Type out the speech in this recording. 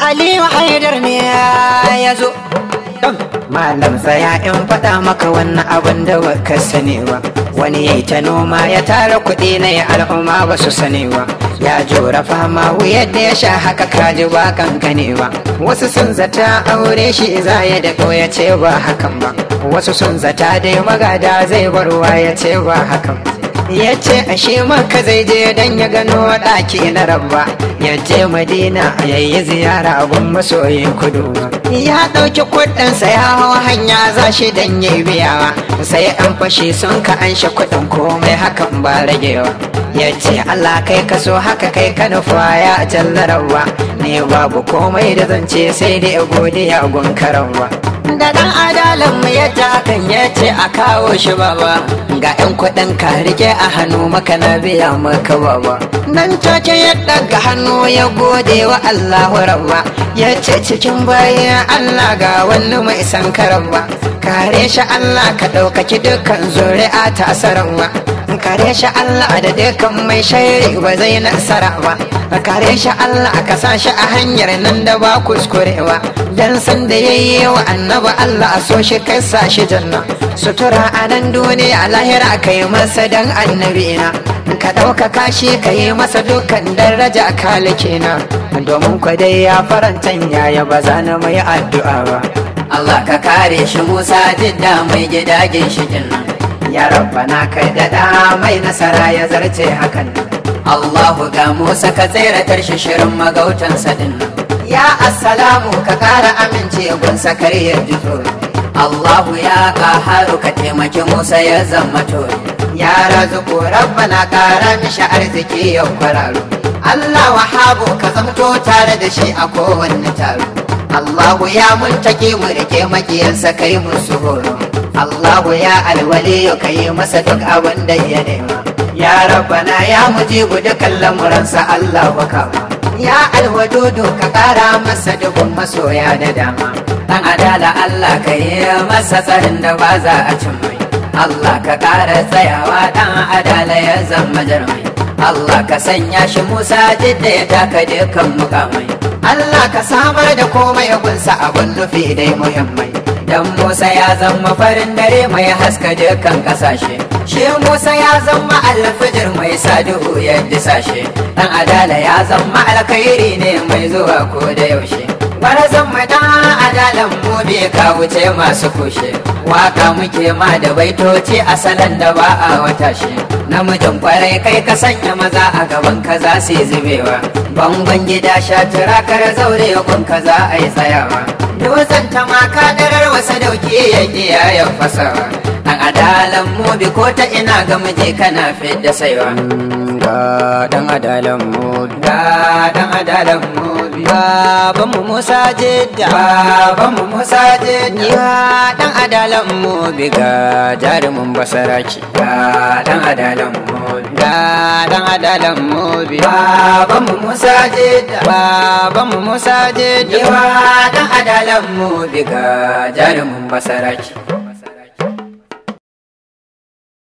ali aliyu haidar ne ya zo malam saya in faɗa maka wannan abin da baka sani ba wani yayi ta noma ya tara kuɗi na ya al'umma ba su sani ba ya jura fama wuyar da ya sha haka kaji ba kankane ba wasu sun zata aure shi za ya da ya ce ba hakan ba wasu sun zata dai magada zai barwa ya ce ba hakan ya ce ashe maka zai je don ya gano ɗaki na rabba ya je madina ya yi ziyara abun masoyin kudu ya ɗauki kuɗinsa ya hawa hanya za shi don yi biyawa sai an fashe sun ka an shi kuɗin komai hakan ba ragewa ya ce Allah kai ka so haka kai ka nufa ya jallarawa ne babu komai da zance sai dai godiya gun da dan adalan mu ya kan ya ce a kawo shi baba ga yan kuɗin ka rike a hannu maka na biya maka baba nan take ya daga hannu ya gode wa Allahu rabba ya ce cikin bayan Allah ga wannan mai san karamba kare shi Allah ka ɗaukaki dukkan zuri'a ta sarawa kare shi Allah da dukkan mai shari ba zai nasara ba kare shi Allah ka sa shi a hanyar nan da ba kuskurewa dan san da yayi wa annaba Allah a so shi kai sa shi janna sutura a nan duniya lahira kai masa dan annabina. ka ɗaukaka shi ka yi masa dukkan daraja kalikina. kenan domin kwadai ya faranta yaya ba za na mai addu'a ba Allah ka kare shi Musa jidda mai gida ginshikin ya rabba na kai daɗa mai nasara ya zarce hakan Allahu ga Musa ka tsere tarshe shirin magautan sadin ya assalamu ka kara amince gunsa kariyar jito Allahu ya ƙaharu ka taimaki Musa ya zama tori ya razuku na kara mishi arziki ya kwararo Allah wahabu ka zamto tare da shi a kowanne taro Allahu ya muntaki mu da ke makiyarsa kai mu horo Allahu ya alwali ya kai masa duk abin da ya nema Ya rabbana ya mujibu dukkan lamuransa Allah wa Ya alwadudu ka kara masa duk masoya da dama Dan adala Allah ka yi masa tsarin da ba za a cin mai Allah ka kara tsayawa dan adala ya zama jarmai Allah ka sanya shi Musa jidda ya taka dukan mukamai Allah ka samar da komai gunsa abun nufi dai muhimmai dan Musa ya zama farin dare mai haska dukkan kasashe shi Musa ya zama alfajir mai sadu ya disashe dan adala ya zama alkhairi ne mai zuwa ko da yaushe Barazan mai da adalan mu bai ka wuce masu kushe waka muke ma da baitoci asalan da ba a wata shi namijin kwarai kai ka sanya maza a gaban ka za su zubewa bangon gida sha tura kar zaure kun ka za a yi tsayawa dusan ta ma darar wasa dauki ya iyayen fasawa a adalan mu bi ko ta ina ga muje kana fidda saiwa ga dan adalan mu ga dan adalan mu baban mu Musa Jidda baban mu Musa Jidda ya dan adalan mu bi ga jarumin basaraki ga dan adalan mu dan adalan baba mu musa jeda mu musa jeda wa dan adalan bi ga jarumin basaraki